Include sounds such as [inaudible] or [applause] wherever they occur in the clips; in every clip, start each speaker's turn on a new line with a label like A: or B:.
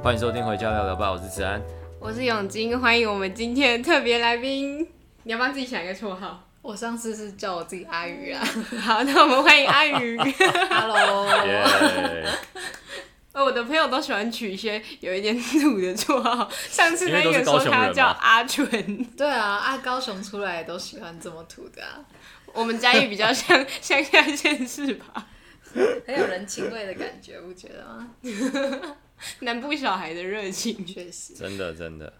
A: 歡迎收聽《回家聊聊吧》，我是慈安，
B: 我是詠菁，歡迎我們今天的特別來賓。你要幫自己想一個綽號？我上次是叫我自己阿妤啊。 [laughs] 好，那我們歡迎阿妤。 [laughs]
C: Hello。Yeah. [laughs]
B: 哦、我的朋友都喜歡取一些有一點土的綽號。上次那個說他叫阿純，對 [laughs] 啊，阿高雄出來都喜歡這麼土的，啊、我們嘉義比較像鄉下 [laughs] 縣市吧，
C: 很有人情味的感覺，不覺得嗎？
B: [laughs] 南部小孩的熱情確 [laughs] 實
A: 真。真的真的。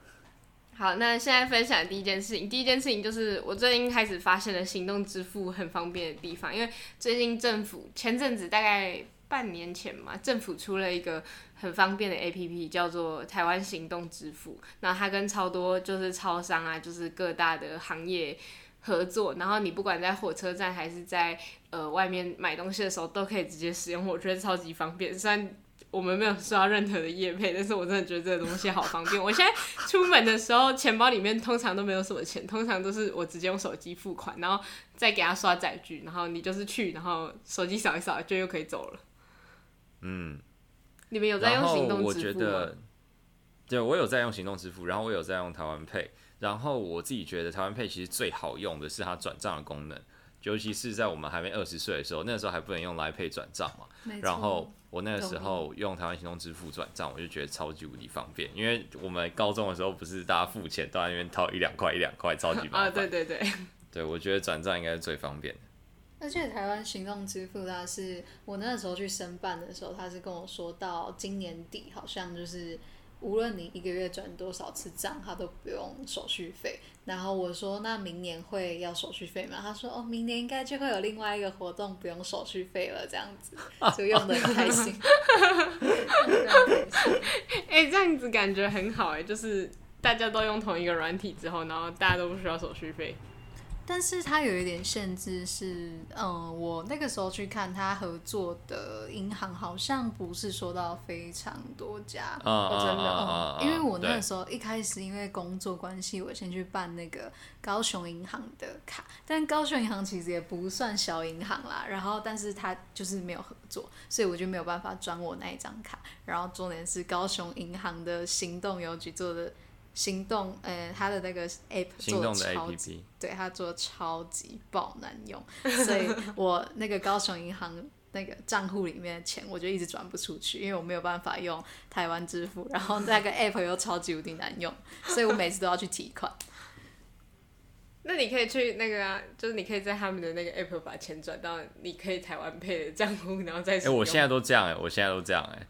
B: 好，那現在分享的第一件事情。第一件事情就是我最近開始發現了行動支付很方便的地方，因為最近政府前陣子大概。半年前嘛，政府出了一個很方便的 APP，叫做台灣行動支付。那它跟超多就是超商啊，就是各大的行業合作。然後你不管在火車站還是在呃外面買東西的時候，都可以直接使用。我覺得超級方便。雖然我們沒有刷任何的業配，但是我真的覺得這個東西好方便。我現在出門的時候，錢包裡面通常都沒有什麼錢，通常都是我直接用手機付款，然後再給他刷載具。然後你就是去，然後手機掃一掃，就又可以走了。嗯，你們有在用行動支
A: 付？然後我覺得，對，我有在用行動支付，然後我有在用台灣 Pay，然後我自己覺得台灣 Pay 其實最好用的是它轉賬的功能，尤其是在我們還沒二十歲的時候，那時候還不能用 Line Pay 轉賬嘛。沒錯，然後我那個時候用台灣行動支付轉賬，我就覺得超級無敵方便，因為我們高中的時候不是大家付錢都在那邊掏一兩塊一兩塊，超級麻煩。啊，對對對，對，對我覺得轉賬應該是最方便的。
B: 而且台
C: 灣行動支付，他是我那時候去申辦的時候，他是跟我說到今年底，好像就是無論你一個月轉多少次賬，他都不用手續費。然後我說，那明年會要手續費嗎？他說，哦，明年應該就會有另外一個活動，不用手續費了，這樣子
B: 就用的很開心。哎，這樣子感覺很好哎，就是大家都用同一個軟體之後，然後大家都不需要手續費。
C: 但是它有一點限制是，嗯，我那個時候去看它合作的銀行，好像不是說到非常多家，我真的，oh, oh, oh, oh, oh. 因為我那個時候一開始，因為工作關係，我先去辦那個高雄銀行的卡，但高雄銀行其實也不算小銀行啦，然後但是它就是沒有合作，所以我就沒有辦法轉我那一張卡，然後重點是高雄銀行的行動郵局做的。行動，呃，他的那個 app 做的超級，的對他做超級爆難用，所以我那個高雄銀行那個賬戶裡面的錢，我就一直轉不出去，因為我沒有辦法用台灣支付，然後那個 app 又超級無敵難用，所以我每次都要去提款。
B: [laughs] 那你可以去那個啊，就是你可以在他們的那個 app 把錢轉到你可以台灣 Pay 的賬戶，然後再哎、欸，我現
A: 在都這樣哎、欸，我現在都這樣哎、欸。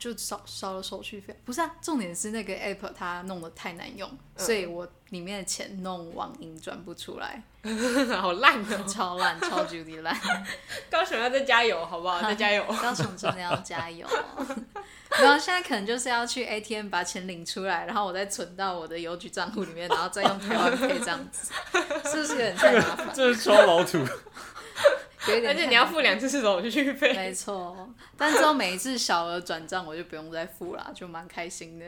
C: 就少少了手續費，不是啊，重點是那個 app 它弄得太難用，嗯、所以我裡面的錢弄網銀轉不出來，
B: [laughs] 好爛、喔、超爛，超級爛。 [laughs] 高雄要再加油，好不好？再加油。嗯、高雄真的要加油，
C: 然後 [laughs] [laughs] 現在可能就是要去 ATM 把錢領出來，然後我再存到我的郵局賬戶裡面，然後再用台灣 Pay 這樣子， [laughs] [laughs] 是不是有點太麻煩？
A: 這是超老土。 [laughs]
C: 而且你要付兩次費，我就去付。沒錯，但是說每一次小額轉賬我就不用再付啦， [laughs] 就蠻開心的。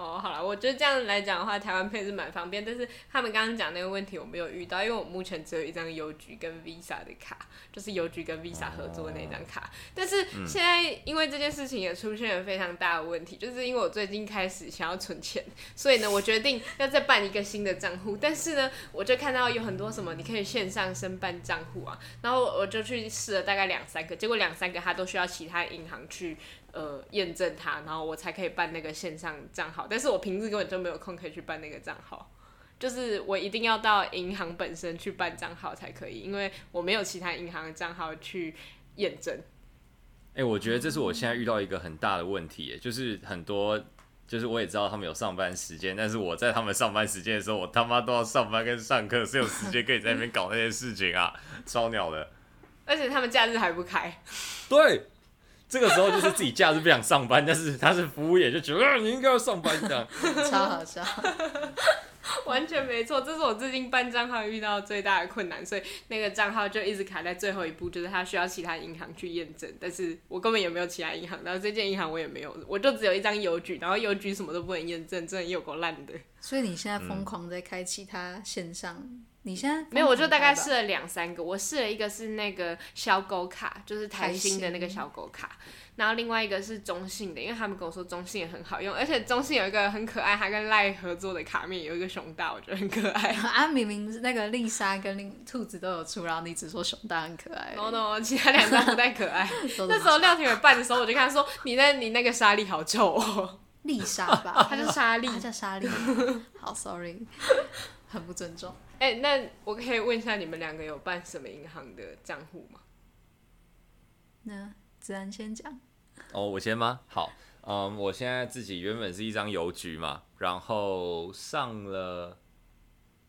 B: 哦，好了，我覺得這樣來講的話，台灣 Pay 是蠻方便，但是他們剛剛講那個問題我沒有遇到，因為我目前只有一張郵局跟 Visa 的卡，就是郵局跟 Visa 合作的那張卡。但是現在因為這件事情也出現了非常大的問題，嗯、就是因為我最近開始想要存錢，所以呢，我決定要再辦一個新的賬戶。但是呢，我就看到有很多什麼你可以線上申辦賬戶啊，然後我就去試了大概兩三個，結果兩三個它都需要其他銀行去。呃，驗證他，然後我才可以辦那個線上賬號。但是我平日根本就沒有空可以去辦那個賬號，就是我一定要到銀行本身去辦賬號才可以，因為我沒有其他銀行的賬號去驗證。哎、
A: 欸，我覺得這是我現在遇到一個很大的問題，就是很多，就是我也知道他們有上班時間，但是我在他們上班時間的時候，我他媽都要上班跟上課，是有時間可以在那邊搞那些事情啊，超 [laughs] 鳥的。
B: 而且他們假日還不開。
A: 對。 [laughs] 這個時候就是自己假日不想上班，但是他是服務業就覺得，啊，你應該要上班的， [laughs] 超
B: 好笑， [laughs] 完全沒錯。這是我最近辦賬號遇到最大的困難，所以那個賬號就一直卡在最後一步，就是他需要其他銀行去驗證，但是我根本也沒有其他銀行，然後這間銀行我也沒有，我就只有一張郵局，然後郵局什麼都不能驗證，真的有夠爛的。
C: 所以你現在瘋狂在開其他線上。嗯你現在沒有，我就大概試
B: 了兩三個。我試了一個是那個小狗卡，就是台新的那個小狗卡，行然後另外一個是中信的，因為他們跟我說中信也很好用，而且中信有一個很可愛，它跟賴合作的卡面有一個熊大，我覺得很可愛。
C: [laughs] 啊，明明那個麗莎跟兔子都有出，然後你只說熊大很可
B: 愛然後呢，no, no, 其他兩張不太可愛。 [laughs] 那時候廖廷偉辦的時候，我就跟他說：“ [laughs] 你那，你那個莎莉好臭哦、喔。”麗
C: 莎吧，他叫莎莉， [laughs] 他叫莎莉。好
B: ，sorry，很不尊重。哎、欸，那我可以問一下，你們兩個有辦什麼銀行的賬戶嗎？
C: 那子安先講。
A: 哦，我先嗎？好，嗯，我現在自己原本是一張郵局嘛，然後上了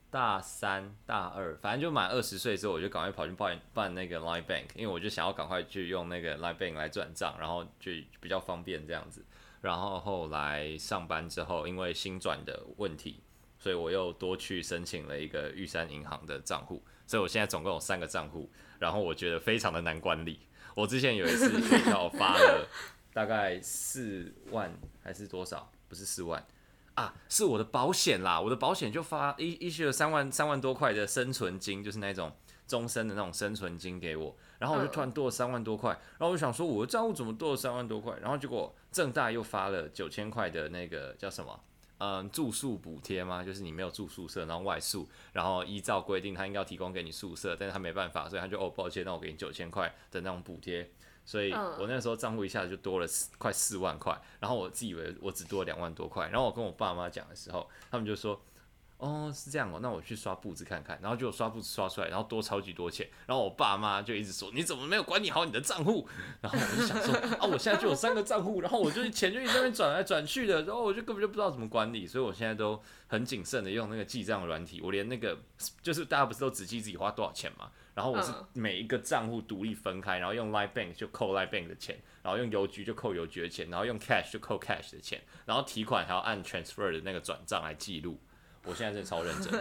A: 大三、大二，反正就滿二十歲之後，我就趕快跑去辦辦那個 Line Bank，因為我就想要趕快去用那個 Line Bank 來轉賬，然後就比較方便這樣子。然後後來上班之後，因為薪轉的問題。所以我又多去申請了一個玉山銀行的賬戶，所以我現在總共有三個賬戶，然後我覺得非常的難管理。我之前有一次，學校發了大概四萬 [laughs] 還是多少？不是四萬啊，是我的保險啦，我的保險就發一一些三萬三萬多塊的生存金，就是那種終身的那種生存金給我，然後我就突然多了三萬多塊，然後我就想說我的賬戶怎麼多了三萬多塊？然後結果政大又發了九千塊的那個叫什麼？嗯，住宿補貼嘛，就是你沒有住宿舍，然後外宿，然後依照規定他應該要提供給你宿舍，但是他沒辦法，所以他就哦，抱歉，那我給你九千塊的那種補貼。所以我那時候賬戶一下子就多了四快四萬塊，然後我自以為我只多了兩萬多塊，然後我跟我爸媽講的時候，他們就說。哦，oh, 是這樣哦，那我去刷簿子看看，然後就刷簿子刷出來，然後多超級多錢，然後我爸媽就一直說，你怎麼沒有管理好你的賬戶？然後我就想說 [laughs] 啊，我現在就有三個賬戶，然後我就錢就一直在那邊轉來轉去的，然後我就根本就不知道怎麼管理，所以我現在都很謹慎的用那個記賬軟體，我連那個就是大家不是都只記自己花多少錢嘛？然後我是每一個賬戶獨立分開，然後用 LINE Bank 就扣 LINE Bank 的錢，然後用郵局就扣郵局的錢，然後用 Cash 就扣 Cash 的錢，然後提款還要按 Transfer 的那個轉賬來記錄。我現在在超認
B: 真，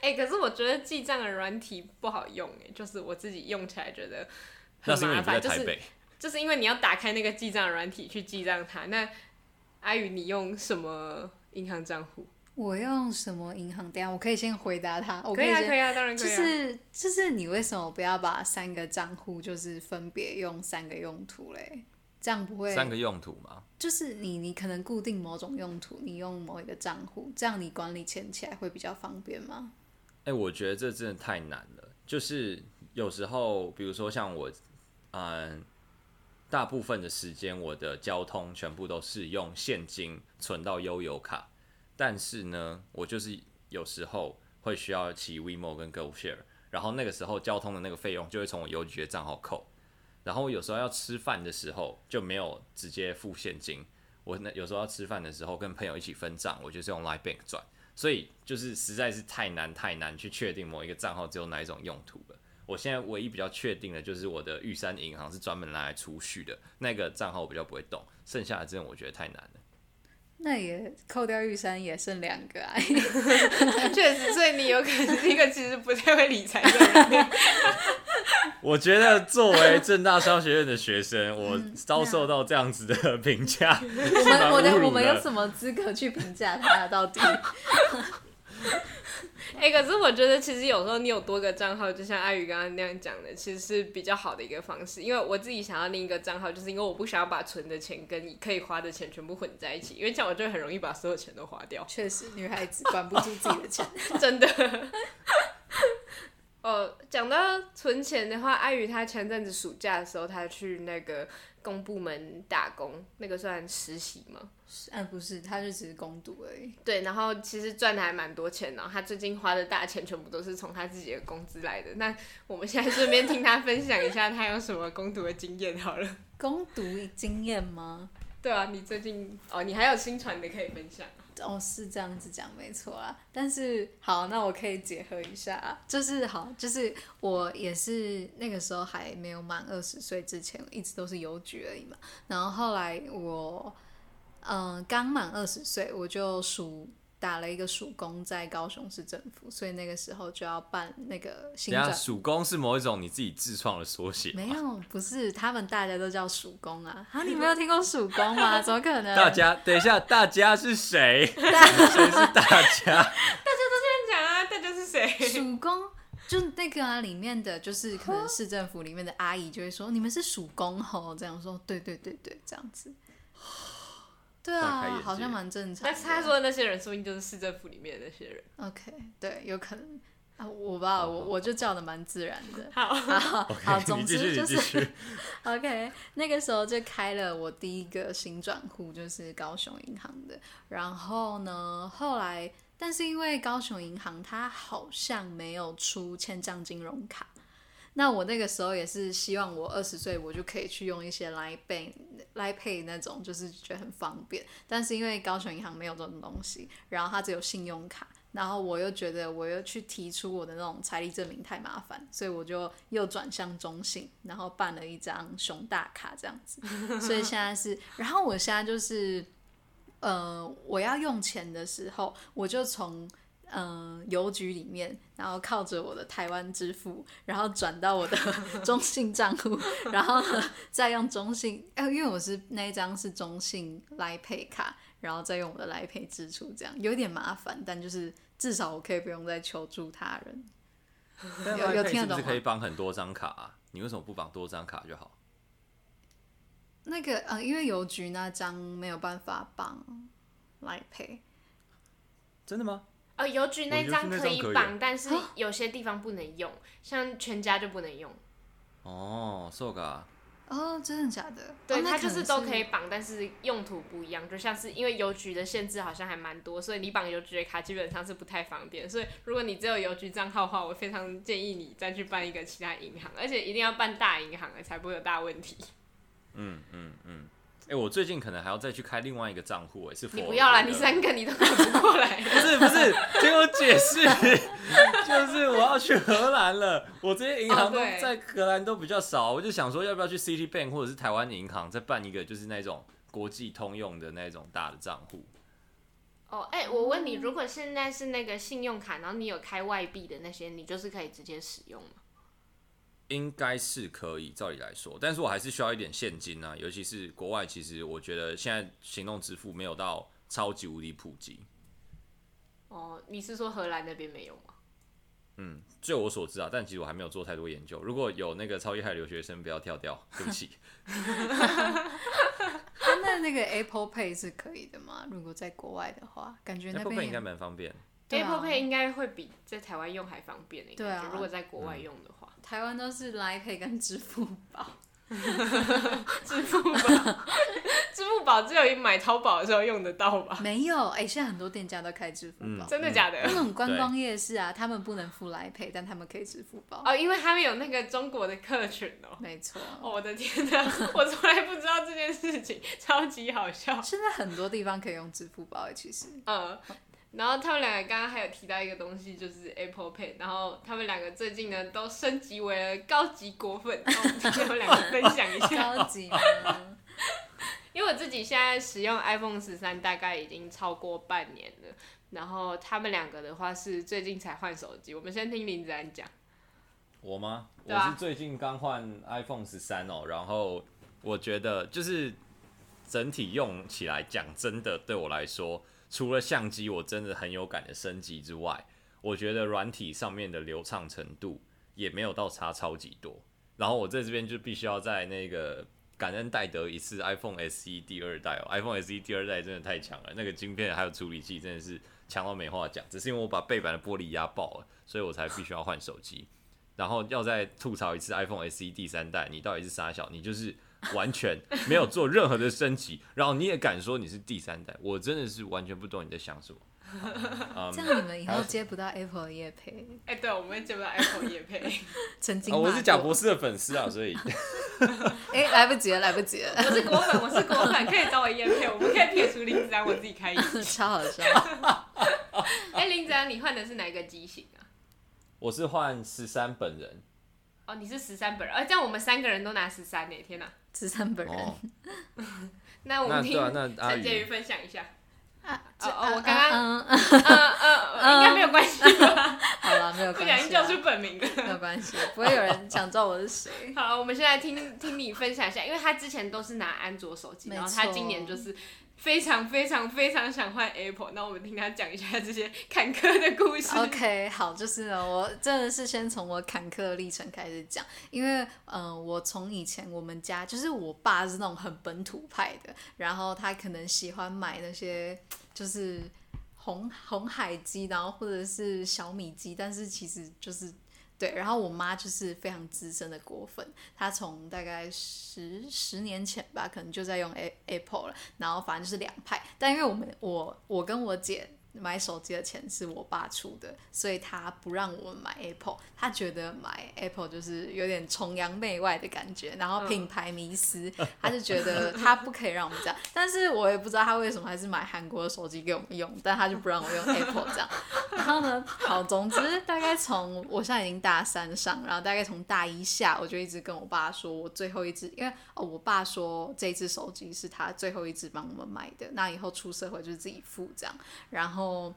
B: 哎、 [laughs] 欸，可是我覺得記賬的軟體不好用，哎，就是我自己用起來覺得很麻煩，就是因為你在台北、就是，就是因為你要打開那個記賬軟體去記賬它。那阿妤，你用什麼銀行賬戶？
C: 我用什麼銀行？等下我可以先回答他，可以啊，可以啊，當然可以、啊就是。就是就是，你為什麼不要把三個賬戶就是分別用三個用途嘞？這樣不會三個用途嗎？就是你，你可能固定某種用途，你用某一個賬戶，這樣你管理錢起來會比較方便嗎？哎、
A: 欸，我覺得這真的太難了。就是有時候，比如說像我，嗯、呃，大部分的時間我的交通全部都是用現金存到悠遊卡，但是呢，我就是有時候會需要騎 WeMo 跟 GoShare，然後那個時候交通的那個費用就會從我郵局的賬號扣。然後我有時候要吃飯的時候就沒有直接付現金，我那有時候要吃飯的時候跟朋友一起分賬，我就是用 Live Bank 轉，所以就是實在是太難太難去確定某一個賬號只有哪一種用途了。我現在唯一比較確定的就是我的玉山銀行是專門拿來儲蓄的那個賬號，我比較不會動，剩下的這種我覺得太難了。
C: 那也扣掉玉山也剩兩個啊，
B: 確 [laughs] 實，所以你有可能是一個其實不太會理財的
A: 人。 [laughs] [laughs] 我覺得作為政大商學院的學生，我遭受到這樣子的評價，
C: 蠻侮辱的， [laughs] 我們我們有什
B: 麼資格去評價他到底？ [laughs] [laughs] 哎、 [laughs] 欸，可是我覺得其實有時候你有多個賬號，就像阿妤剛剛那樣講的，其實是比較好的一個方式。因為我自己想要另一個賬號，就是因為我不想要把存的錢跟你可以花的錢全部混在一起，因為這樣我就很容易把所有錢都花掉。確實，女孩子管不住自己的錢， [laughs] 真的。 [laughs] 哦，講到存錢的話，阿妤他前陣子暑假的時候，他去那個公部門打工，那個算實習嗎？啊，哎、不是，他就只是工讀而已。對，然後其實賺的還蠻多錢然後、喔、他最近花的大錢全部都是從他自己的工資來的。那我們現在順便聽他分享一下他有什麼工讀的經驗好了。
C: 工 [laughs] 讀經驗嗎？對啊，
B: 你最近哦，你還有新傳的可以分享。
C: 哦，是這樣子講沒錯啊。但是好，那我可以結合一下、啊，就是好，就是我也是那個時候還沒有滿二十歲之前，一直都是郵局而已嘛。然後後來我。嗯，剛滿二十歲，我就暑打了一個暑工在高雄市政府，所以那個時候就要辦那個薪轉。等下，暑
A: 工是某一種你自己自創的縮寫？
C: 沒有，不是，他們大家都叫暑工啊。好、啊，你沒有聽過暑工嗎？ [laughs] 怎麼可能？大家，
A: 等一下，大家是誰？誰 [laughs] 是大
C: 家？ [laughs] 大家
B: 都這樣講啊，大家是誰？暑
C: 工就那個啊，裡面的就是可能市政府裡面的阿姨就會說，蛤你們是暑工吼，這樣說，對對對對，對，這樣子。對啊，好像蠻正常的。但是他說的
B: 那些人，說不定就是市政府裡面的那些人。
C: OK，對，有可能啊，我吧，我我就叫的蠻自然的。好，好，okay, 好，總之就是 [laughs] OK。那個時候就開了我第一個薪轉戶，就是高雄銀行的。然後呢，後來，但是因為高雄銀行它好像沒有出欠賬金融卡。那我那個時候也是希望我二十歲我就可以去用一些來 pay、來 pay 那種，就是覺得很方便。但是因為高雄銀行沒有這種東西，然後它只有信用卡，然後我又覺得我又去提出我的那種財力證明太麻煩，所以我就又轉向中信，然後辦了一張熊大卡這樣子。 [laughs] 所以現在是，然後我現在就是，呃，我要用錢的時候，我就從。嗯、呃，郵局裡面，然後靠着我的台灣支付，然後轉到我的中信賬戶，然後呢，再用中信、呃，因為我是那一張是中信 LINE Pay 卡，然後再用我的 LINE Pay 支出，這樣有點麻煩，但就是至少我可以不用再求助他人。有聽得懂？
A: 可以綁很多張卡、啊， [laughs] 你為什麼不綁多張卡就好？
C: 那個，呃，因為郵局那張
B: 沒有辦法綁 LINE Pay，真的嗎？呃、哦，郵局那張可以綁，但是有些地方不能用，oh, 像全家就不能用。
A: 哦，是哦。
C: 哦，真的假
B: 的？Oh, 對，它就是都可以綁，但是用途不一樣。就像是因為郵局的限制好像還蠻多，所以你綁郵局的卡基本上是不太方便。所以如果你只有郵局賬號的話，我非常建議你再去辦一個其他銀行，而且一定要辦大銀行的才不會有大問題。嗯嗯嗯。嗯
A: 嗯哎、欸，我最近可能還要再去開另外一個賬戶，哎，是。你不要啦，
B: 你三個你都拿不過來。 [laughs] 不是不是，聽我
A: 解釋，就是我要去荷蘭了，我這些銀行都在荷蘭都比較少，oh, 對我就想說要不要去 Citibank 或者是台灣銀行再辦一個，就是那種國際通用的那種大的賬戶。
B: 哦，哎，我問你，如果現在是那個信用卡，然後你有開外幣的那些，你就是可以直接使用嗎？
A: 應該是可以，照理來說，但是我還是需要一點現金啊，尤其是國外，其實我覺得現在行動支付沒有到超級無敵普及。
B: 哦，你是說荷蘭那邊沒有嗎？嗯，
A: 據我所知啊，但其實我還沒有做太多研究。如果有那個超厲害的留學生，不要跳掉，對不起。
B: 那 [laughs] [laughs] 那個
C: Apple Pay 是可以的嗎？如果在國外的話，感覺那 y 應該
A: 蠻方便。啊、Apple
C: Pay
B: 應該會比在台灣用還方便一點、欸、對、啊、如果在國外用的話。
C: 嗯、台灣都是 Line Pay 跟支付寶， [laughs] [laughs] 支
B: 付寶寶， [laughs] 支付寶只有一買淘寶的時候用得到吧？沒有，哎、欸，現在很多店家都開支付寶、嗯，真的假的、嗯？那種觀光
C: 夜市啊，對他們不能付 Line Pay，但他們可以支付寶。哦，
B: 因為他們有那個中國的客群哦。沒錯錯、哦。我的天哪，我從來不知道這件事情，超級好笑。現在很多地方可以用支付寶、欸、其實。嗯。然後他們兩個剛剛還有提到一個東西，就是 Apple Pay。然後他們兩個最近呢都升級為了高級果粉，哦、他們兩個分享一下。高級 [laughs] 因為我自己現在使用 iPhone 十三大概已經超過半年了。然後他們兩個的話是最近才換手機。我們先聽林子安講。
A: 我嗎？吧我是最近剛換 iPhone 十三哦。然後我覺得就是。整體用起來講，真的對我來說，除了相機，我真的很有感的升級之外，我覺得軟體上面的流暢程度也沒有到差超級多。然後我在這邊就必須要在那個感恩戴德一次 SE、哦、iPhone SE 第二代哦，iPhone SE 第二代真的太強了，那個晶片、還有處理器真的是強到沒話講。只是因為我把背板的玻璃壓爆了，所以我才必須要換手機。然後要再吐槽一次 iPhone SE 第三代，你到底是傻小？你就是。完全沒有做任何的升級， [laughs] 然後你也敢說你是第三代？我真的是完全不懂你在想什麼。
C: Um, 這樣你們以後接不到 Apple 業配？哎， [laughs] 欸、
B: 對，我們也接不到 Apple 業配，
C: 曾經、哦。我是賈博
A: 士的粉
B: 絲啊，所以。哎 [laughs] 、
C: 欸，來不及了，來不及
B: 了。我是果粉，我是果粉，可以找我業配。我們可以撇除林子安，我自己開心。 [laughs] 超好笑。哎， [laughs] 欸、林子安，你換的是哪一個機型啊？
A: 我是換十三本人。
B: 哦，你是十三本人？哎，這樣我們三個人都拿十三呢！天哪。
C: 是他本人，
B: 哦，那我們聽陳建妤分享一下。哦我剛剛，嗯嗯應該沒有關係吧。好了，沒有關係。不小心叫出本名了，沒有關係，不會有人想知道我是誰。 [laughs] 好，我們現在聽聽你分享一下，因為他之前都是拿安卓手機，然後他今年就是。非常非常非常想換 Apple，那我們聽他講一下這些坎坷的故
C: 事。OK，好，就是呢，我真的是先從我坎坷歷程開始講，因為嗯、呃，我從以前我們家就是我爸是那種很本土派的，然後他可能喜歡買那些就是紅紅海機，然後或者是小米機，但是其實就是。對，然後我媽就是非常資深的果粉，她從大概十十年前吧，可能就在用 A Apple 了，然後反正就是兩派，但因為我們我我跟我姐，買手機的錢是我爸出的，所以他不讓我買 Apple，他覺得買 Apple 就是有點崇洋媚外的感覺，然後品牌迷思，他就覺得他不可以讓我們這樣。但是我也不知道他為什麼還是買韓國的手機給我們用，但他就不讓我用 Apple 這樣。然後呢，好，總之大概從我現在已經大三上，然後大概從大一下我就一直跟我爸說，我最後一支，因為哦我爸說這支手機是他最後一支幫我們買的，那以後出社會就是自己付這樣，然後。哦，然後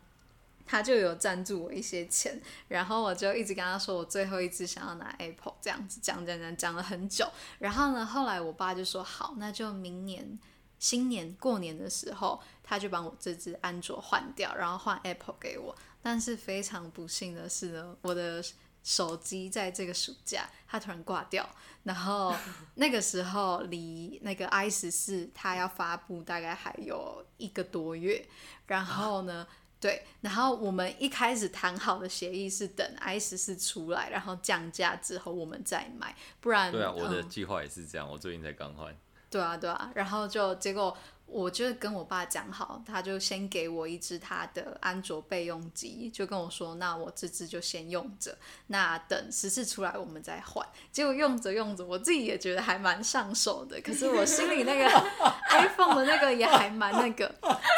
C: 他就有贊助我一些錢，然後我就一直跟他說，我最後一支想要拿 Apple 這樣子講講講講了很久。然後呢，後來我爸就說好，那就明年新年過年的時候，他就把我這支安卓換掉，然後換 Apple 給我。但是非常不幸的是呢，我的。手機在這個暑假，它突然掛掉，然後那個時候離那個 i 十四它要發布大概還有一個多月，然後呢，啊、對，然後我們一開始談好的協議是等 i 十四出來，然後降價之後我們再買，不然對啊，我的
A: 計劃也是這樣，嗯、我最近才剛換，
C: 對啊對啊，然後就結果。我就跟我爸講好，他就先給我一支他的安卓備用機，就跟我說：“那我這支就先用着，那等十四出來我們再換。”結果用着用着，我自己也覺得還蠻上手的，可是我心裡那個 [laughs] iPhone 的那個也還蠻那個。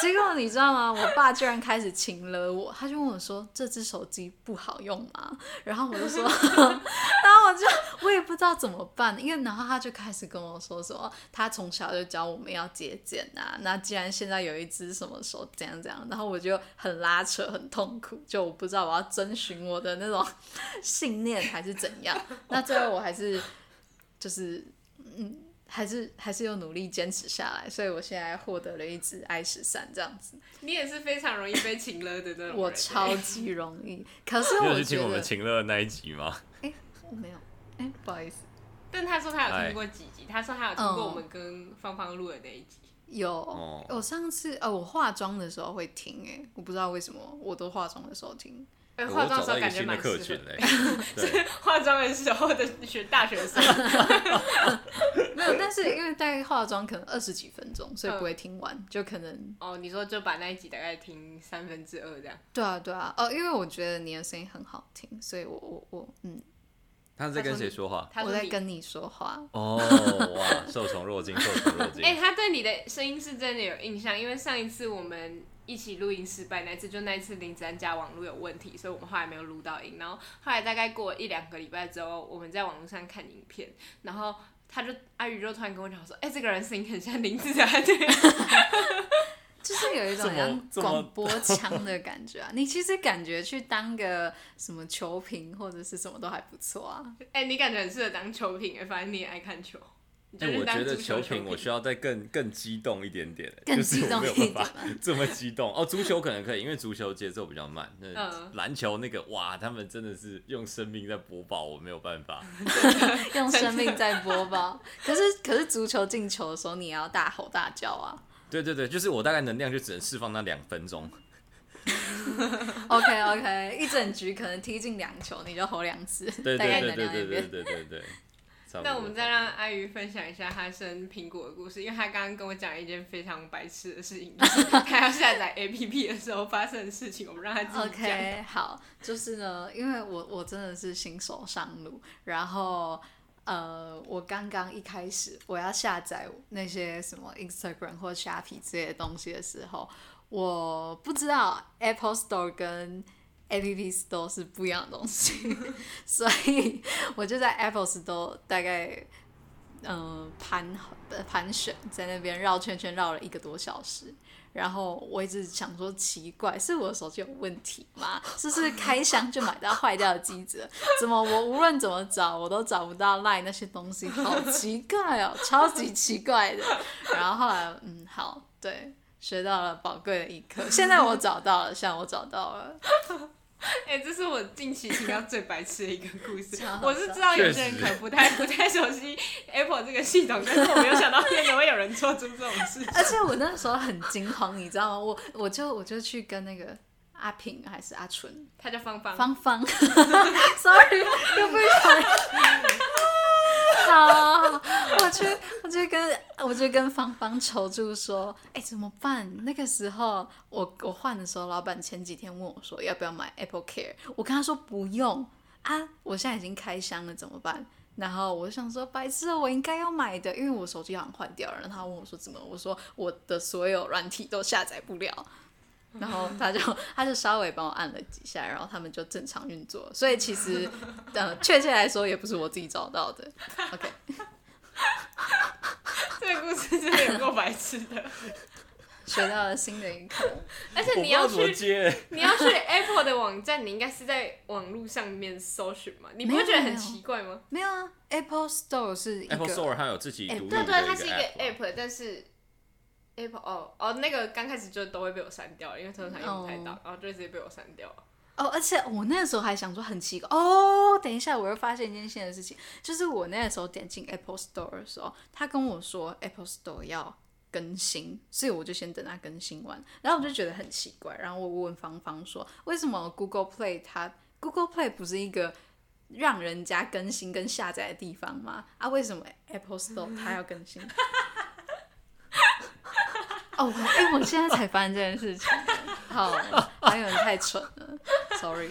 C: 結果你知道嗎？我爸居然開始情勒我，他就問我說：“這隻手機不好用嗎？”然後我就說：“ [laughs] [laughs] 然後我就我也不知道怎麼辦。”因為然後他就開始跟我說說他從小就教我們要節儉。”那那，既然現在有一隻什麼手怎樣怎樣，然後我就很拉扯，很痛苦，就我不知道我要遵循我的那種信念還是怎樣。那最後我還是就是嗯，還是還是有努力堅持下來，所以我現在獲得了
B: 一隻愛十三這樣子。你也是非常容易被情勒，的那 [laughs] 我超級容易， [laughs] 可是我有聽我們
A: 情勒的那一集嗎？哎、欸，
B: 我沒有，哎、欸，不好意思。但他說他有聽過幾集，Hi. 他說他有聽過我們跟方方錄的那一集。有，哦、
C: 我上次呃、哦，我化妝的時候會聽、欸，哎，我不知道為什麼，我都化妝的時候聽，
A: 呃、化妝的時候感覺蠻適合， [laughs] 是
B: 化妝的時候的學大學生，沒有，但是因為
C: 大概化妝可能二十幾分鐘，所以不會聽完，嗯、就可能
B: 哦，你說就把那一集大概聽三分之二這樣，
C: 對啊對啊，哦，因為我覺得你的聲音很好聽，所以我我我嗯。
A: 他在跟誰說話？他
C: 在跟你說話。哦、
A: 哇、oh, wow，受寵若驚，受寵若驚。哎，
B: 他對你的聲音是真的有印象，因為上一次我們一起錄音失敗那次，就那一次林子安家網絡有問題，所以我們後來沒有錄到音。然後後來大概過了一兩個禮拜之後，我們在網絡上看影片，然後他就阿妤就突然跟我講說：“哎、欸，這個人聲音很像林子安。對” [laughs] 就是有一種像廣播腔
C: 的感覺啊！你其實感覺去當
B: 個什麼球評或者是什麼都還不錯啊！哎、欸，你感覺很適合當球評，反正你也愛看球。就、欸、我覺得球評我需
A: 要再更更激動一點點、欸，更激動，一點，沒有辦法這麼激動哦。足球可能可以，因為足球節奏比較慢。嗯。籃球那個哇，他們真的是用生命在播報，我沒有辦法。
C: [laughs] 用生命在播報，可是可是足球進球的時候，你也要大吼大叫啊！
A: 對對對，就是我大概能量就只能釋放那兩分鐘。
C: [laughs] [laughs] OK OK，一
B: 整局可能踢進兩球，你就吼兩次， [laughs] [laughs] 大概兩遍。對對對
A: 對對對。那我們
B: 再讓阿妤分享一下他生蘋果的故事，因為他剛剛跟我講一件非常白痴的事情， [laughs] 他要下載 APP 的時候發生的事情，我們讓他自己講。OK，好，
C: 就是呢，因為我我真的是新手上路，然後。呃，我剛剛一開始我要下載那些什麼 Instagram 或者蝦皮之類的東西的時候，我不知道 Apple Store 跟 App Store 是不一樣的東西， [laughs] 所以我就在 Apple Store 大概。嗯，盤呃盤旋在那邊繞圈圈，繞了一個多小時。然後我一直想說，奇怪，是我手機有問題嗎？是不是開箱就買到壞掉的機子？怎麼我無論怎麼找，我都找不到 line 那些東西？好奇怪哦，超級奇怪的。然後後來，嗯，好，對，學到了寶貴的一課。現在我找到了，現在我找到了。
B: 哎、欸，這是我近期聽到最白痴的一個故事。我是知道有些人可能不太不太熟悉 Apple 這個系統，但是我沒有想到那也會有有人做出這種事
C: 情。而且我那時候很驚慌，你知道嗎？我我就我就去跟那個阿平還是阿純，他叫芳芳。芳芳方方 [laughs] ，Sorry，又被傳。好。 [laughs] [laughs] 我去，我就跟我就跟芳芳求助說：“哎、欸，怎麼辦？那個時候我我換的時候，老板前幾天問我說要不要買 Apple Care？我跟他說不用啊，我現在已經開箱了，怎麼辦？然後我想說，白痴、喔，我應該要買的，因為我手機好像換掉了。然後他問我說怎麼？我說我的所有軟體都下載不了。” [laughs] 然後他就他就稍微幫我按了幾下，然後他們就正常運作。所以其實，的、呃、確切來說也不是我自己找到的。OK，
B: 這個故事是有夠白痴的。 [laughs] 學到了新的一課，而且你要去，你要去 Apple 的網站，你應該是在網絡上面搜尋嘛？你不會覺得很奇怪嗎？沒
C: 有，沒有啊，Apple Store 是一個，Apple Store 它有自
A: 己獨立的一個對，對對，它是一個
B: App，l e、啊、但是。Apple 哦哦，那個剛開始就都會被我刪掉，因為通常用不太到，oh. 然後就直接被我刪掉
C: 了。哦，oh, 而且我那時候還想說很奇怪，哦、oh，等一下我又發現一件新的事情，就是我那個時候點進 Apple Store 的時候，他跟我說 Apple Store 要更新，所以我就先等它更新完。然後我就覺得很奇怪，然後我問芳芳說，為什麼 Google Play 它 Google Play 不是一個讓人家更新跟下載的地方嗎？啊，為什麼 Apple Store 它要更新？ [laughs] 哦，哎、欸，我現在才發現這件事情， [laughs] 好，還有人太蠢了 [laughs]
B: ，sorry。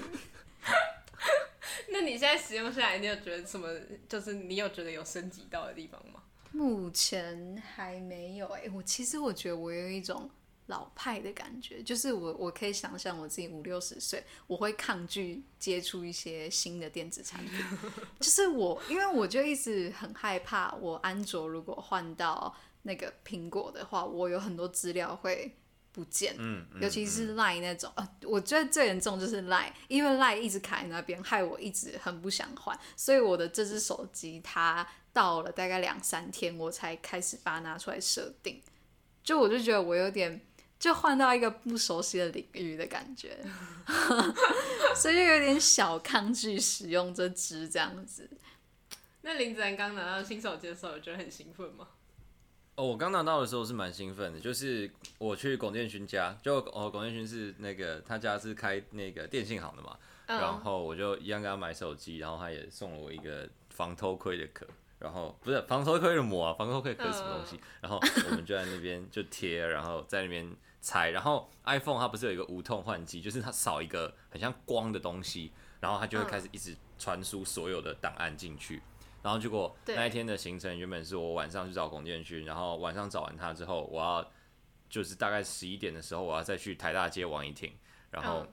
B: 那你現在使用下來，你有覺得什麼？就是你有覺得有升級到的地方嗎？
C: 目前還沒有。哎、欸，我其實我覺得我有一種老派的感覺，就是我我可以想象我自己五六十歲，我會抗拒接觸一些新的電子產品， [laughs] 就是我，因為我就一直很害怕，我安卓如果換到，那個蘋果的話，我有很多資料會不見，嗯嗯嗯、尤其是 LINE 那種、呃，我覺得最嚴重就是 LINE，因為 LINE 一直卡在那邊，害我一直很不想換，所以我的這只手機它到了大概兩三天，我才開始把它拿出來設定，就我就覺得我有點就換到一個不熟悉的領域的感覺， [laughs] 所以就有點小抗拒使用這只這樣子。
B: 那林子然剛拿到新手機的時候，我覺得很興奮嗎？
A: 哦，我剛拿到的時候是蠻興奮的，就是我去廣電勳家，就哦，廣電勳是那個他家是開那個電信行的嘛，Uh oh. 然後我就一樣給他買手機，然後他也送了我一個防偷窺的殼，然後不是防偷窺的膜啊，防偷窺殼是什麼東西？Uh oh. 然後我們就在那邊就貼，然後在那邊拆， [laughs] 然後 iPhone 它不是有一個無痛換機，就是它掃一個很像光的東西，然後它就會開始一直傳輸所有的檔案進去。Uh oh. 然後結果那一天的行程對原本是我晚上去找龔建勳，然後晚上找完他之後，我要就是大概十一點的時候，我要再去台大接王一婷。然後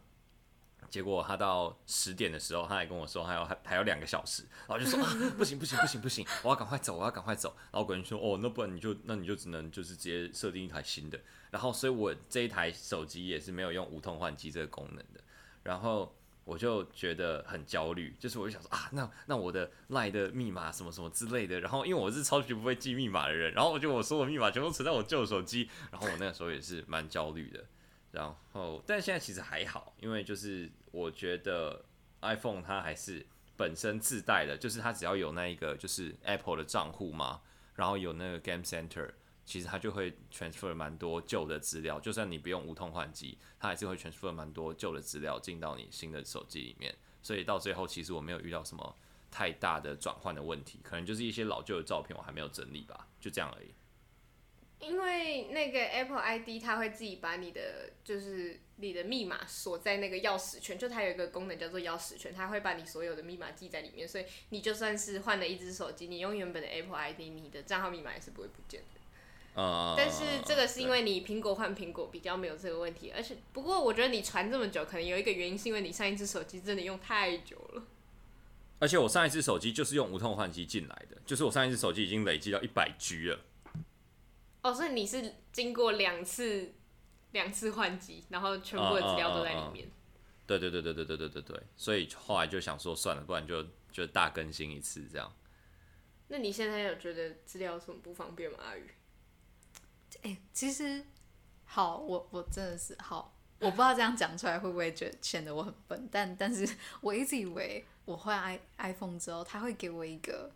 A: 結果他到十點的時候，他還跟我說還有還還有兩個小時，然後我就說、 [laughs] 哦、不行不行不行不行，我要趕快走，我要趕快走。然後龔建勳說哦，那不然你就那你就只能就是直接設定一台新的。然後所以我這一台手機也是沒有用無痛換機這個功能的。然後。我就覺得很焦慮，就是我就想說啊，那那我的賴的密碼什麼什麼之類的，然後因為我是超級不會記密碼的人，然後我就我所有的密碼全都存在我舊手機，然後我那個時候也是蠻焦慮的，然後但現在其實還好，因為就是我覺得 iPhone 它還是本身自帶的，就是它只要有那一個就是 Apple 的賬戶嘛，然後有那個 Game Center。其實它就會 transfer 蠻多舊的資料，就算你不用無痛換機，它還是會 transfer 蠻多舊的資料進到你新的手機裡面。所以到最後，其實我沒有遇到什麼太大的轉換的問題，可能就是一些老舊的照片我還沒有整理吧，就這樣而已。
B: 因為那個 Apple ID 它會自己把你的就是你的密碼鎖在那個鑰匙圈，就它有一個功能叫做鑰匙圈，它會把你所有的密碼記在裡面，所以你就算是換了一隻手機，你用原本的 Apple ID，你的賬號密碼也是不會不見的。
A: Uh, 但是這
B: 個是因為你蘋果換蘋果比較沒有這個問題，對而且不過我覺得你傳這麼久，可能有一個原因是因為你上一支手機真的用太久了。
A: 而且我上一支手機就是用無痛換機進來的，就是我上一支手機已經累積到一百 G 了。
B: 哦，oh, 所以你是經過兩次兩次換機，然後全部的資料都在裡面。Uh, uh, uh, uh.
A: 對對對對對對對對對，所以後來就想說算了，不然就就大更新一次這樣。
B: 那你現在有覺得資料有什麼不方便嗎，阿妤？誒、欸，其實，
C: 好，我我真的是好，我不知道這樣講出來會不會覺得顯得我很笨蛋，但，但是我一直以為我換 i iPhone 之後，它會給我一個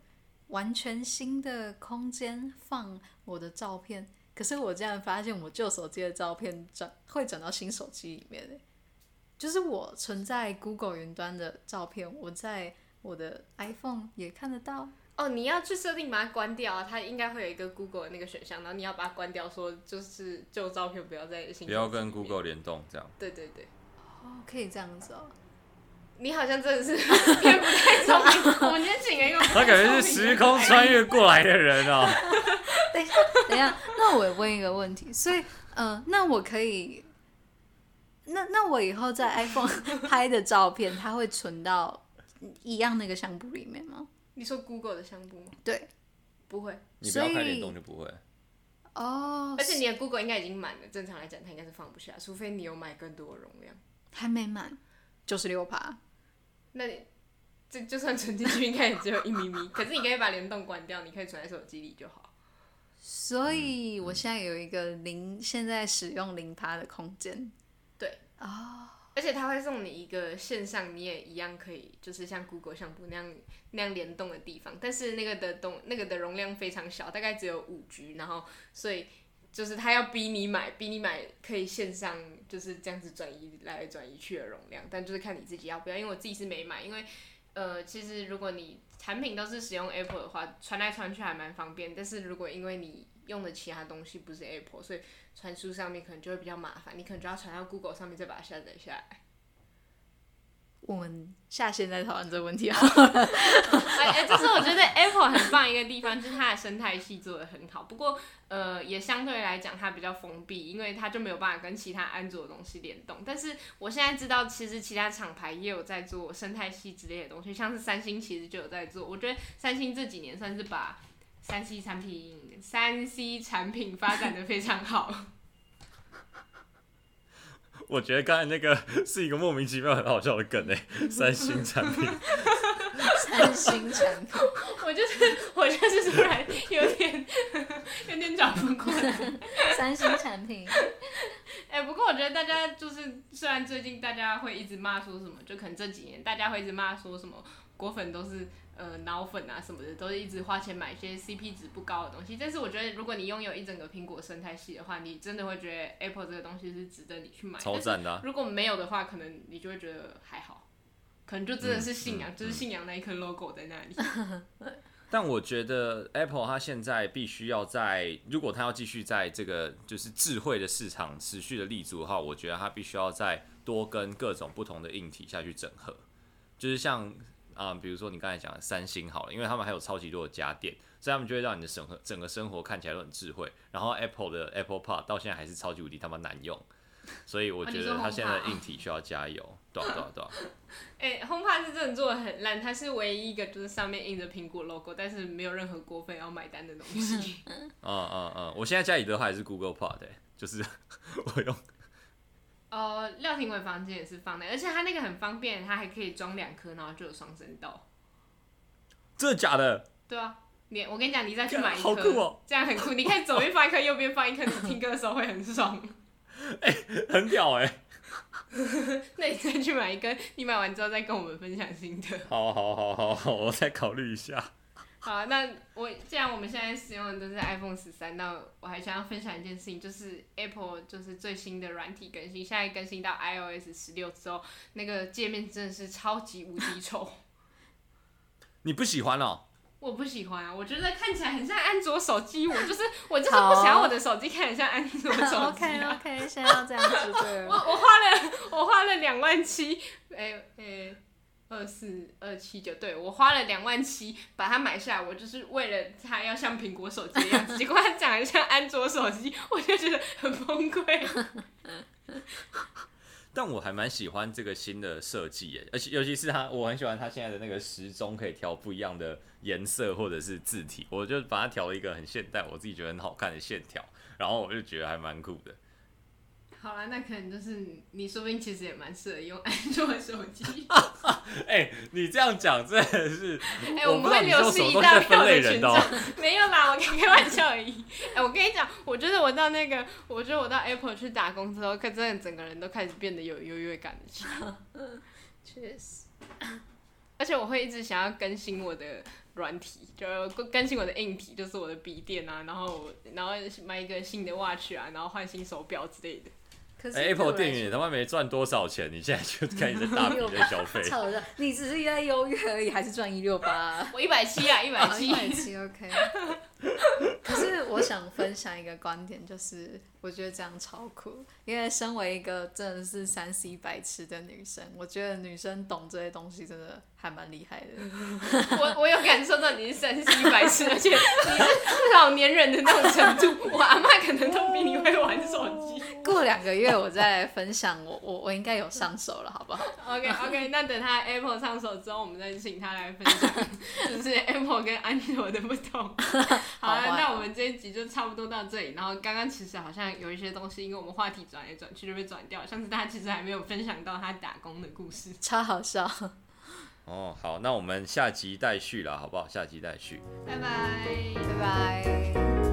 C: 完全新的空間放我的照片。可是我竟然發現我舊手機的照片轉會轉到新手機裡面，欸，就是我存在 Google 雲端的照片，我在我的 iPhone 也看得到。
B: 哦，你要去設定把它關掉啊！它應該會有一個 Google 的那個選項，然後你要把它關掉，說就是舊照片不要再不要
A: 跟 Google 聯動這樣。
B: 對對對，哦，oh, 可以這樣子哦。你好像真的是我們今請一個他感覺
A: 是時空穿越過來的人哦、啊。等一下，
C: 等一下，那我也問一個問題，所以，嗯、呃，那我可以，那那我以後在 iPhone 拍的照片，它會存到一樣那個相簿裡面嗎？
B: 你說 Google 的相簿嗎？對，不會，所以你不要開聯動就不會。哦，而且你的 Google 應該已經滿了，正常來講它應該是放不下，除非你有買更多的容量。還沒滿，
C: 九十六
B: 趴，那你這就算存進去應該也只有一咪咪。 [laughs] 可是你可以把聯動關掉，你可以存在手機裡就好。
C: 所以我現在有一個零，嗯、現在使用零趴的空間。
B: 對，哦。而且他會送你一個線上，你也一樣可以，就是像 Google 相簿那樣那樣聯動的地方，但是那個的東那個的容量非常小，大概只有五 G，然後所以就是他要逼你買，逼你買可以線上就是這樣子轉移來轉移去的容量，但就是看你自己要不要。因為我自己是沒買，因為呃，其實如果你產品都是使用 Apple 的話，傳來傳去還蠻方便，但是如果因為你用的其他東西不是 Apple，所以傳輸上面可能就會比較麻煩，你可能就要傳到 Google 上面再把它下載下來。
C: 我們下線再討論這個問題
B: 好
C: 了。哎，就是我覺
B: 得 Apple 很棒一個地方，就是它的生態系做得很好。不過呃，也相對來講它比較封閉，因為它就沒有辦法跟其他安卓的東西聯動。但是我現在知道，其實其他廠牌也有在做生態系之類的東西，像是三星其實就有在做。我覺得三星這幾年算是把。3C 產品，3C 產品發展的非常好。
A: [laughs] 我覺得剛才那個是一個莫名其妙很好笑的梗哎、欸，3C 產品。 [laughs] [laughs]
B: 三星產品， [laughs] 我就是我就是突然有點 [laughs] 有點講不過來。 [laughs] 三星產前品，哎、 [laughs] 欸，不過我覺得大家就是，雖然最近大家會一直罵說什麼，就可能這幾年大家會一直罵說什麼，果粉都是呃腦粉啊什麼的，都是一直花錢買一些 CP 值不高的東西。但是我覺得，如果你擁有一整個蘋果生態系的話，你真的會覺得 Apple 這個東西是值得你去買。超讚的啊。如果沒有的話，可能你就會覺得還好。可能就真的是信仰，嗯嗯嗯、就是信仰那一顆 logo 在那裡。
A: 但我覺得 Apple 它現在必須要在，如果它要繼續在這個就是智慧的市場持續的立足的話，我覺得它必須要再多跟各種不同的硬體下去整合。就是像啊、呃，比如說你剛才講的三星好了，因為他們還有超級多的家電，所以他們就會讓你的審核整個生活看起來都很智慧。然後 Apple 的 Apple Pod 到現在還是超級無敵他媽難用。所以我覺得他現在的硬體需要加油多少多少
B: 多少。哎、啊啊啊欸、HomePod 是真的做的很爛，它是唯一一個就是上面印着蘋果 logo，但是沒有任何果粉要買單的東西。 [laughs] 嗯嗯嗯，
A: 我現在家裡的話也是 Google Pod、欸、就是我用。
B: 哦、呃，廖廷偉房間也是放的，而且它那個很方便，它還可以裝兩顆，然後就有雙聲道。
A: 真的假的？
B: 對啊，你我跟你講，你再去買一個，這樣，喔、這樣很酷。你可以左邊放一顆， [laughs] 右邊放一顆，你聽歌的時候會很爽。 [laughs]
A: 哎、欸，很屌哎、
B: 欸！ [laughs] 那你再去買一根，你買完之後再跟我們分享心得。
A: 好，好，好，好，好，我再考慮一下。
B: 好，那我既然我們現在使用的都是 iPhone 十三，那我還想要分享一件事情，就是 Apple 就是最新的軟體更新，現在更新到 iOS 十六之後，那個界面真的是超級無敵醜。
A: [laughs] 你不喜歡哦？
B: 我不喜歡啊，我覺得看起來很像安卓手機、 [laughs] 就是。我就是我就是不想我的手機好看很像安卓手機、啊。 [laughs] OK OK，想要這樣
C: 子。 [laughs] 對了我我
B: 花了我花了兩萬七，哎、欸、哎、欸，二四二七九，對我花了兩萬七把它買下來，我就是為了它要像蘋果手機的樣子，結果它長得像安卓手機，我就覺得很崩潰。 [laughs]
A: 但我還蠻喜歡這個新的設計耶，而且尤其是它，我很喜歡它現在的那個時鐘可以調不一樣的顏色或者是字體，我就把它調了一個很現代，我自己覺得很好看的線條，然後我就覺得還蠻酷的。
B: 好啦，那可能就是你，說不定其實也蠻適合用安卓手機。
A: 哎、 [laughs] 欸，你這樣講真的是，哎、欸欸，我們會流失一大票的群眾，
B: 沒有啦，我開開玩笑而已。哎，我跟你講，我覺得我到那個，我覺得我到 Apple 去打工之後，可真的整個人都開始變得有優越感了。
C: 確實，
B: 而且我會一直想要更新我的軟體，就更新我的硬體，就是我的筆電啊，然後然後買一個新的 Watch 啊，然後換新手錶之類的。可是 Apple 電影
A: 你他媽沒賺多少錢，你現在就看你的大筆的消費 [laughs] 吵，
C: 你只是在猶豫而已，還是賺一六八？我一百七啊，一百七。一百七，OK。 [laughs] 可是我想分享一個觀點，就是我覺得這樣超酷，因為身為一個真的是三 C 白痴的女生，我覺得女生懂這些東西真的還蠻厲害的。
B: [laughs] 我我有感受到你是三 C 白痴， [laughs] 而且
C: 你
B: 是老年人的那種程度， [laughs] 我阿嬤可能都比你會玩手機。
C: 過兩個月我再來分享我 [laughs] 我，我我我應該有上手了，好不好
B: ？OK OK，那等他 Apple 上手之後，我們再請他來分享， [laughs] 就是 Apple 跟安卓的不同。 [laughs] 好了，啊，好啊，那我們這一集就差不多到這裡。然後剛剛其實好像有一些東西，因為我們話題轉來轉去就被轉掉。上次大家其實還沒有分享到他打工的故事，超好笑。
A: 哦，好，那我們下集待續了，好不好？下集待續，拜拜，拜
C: 拜。拜拜。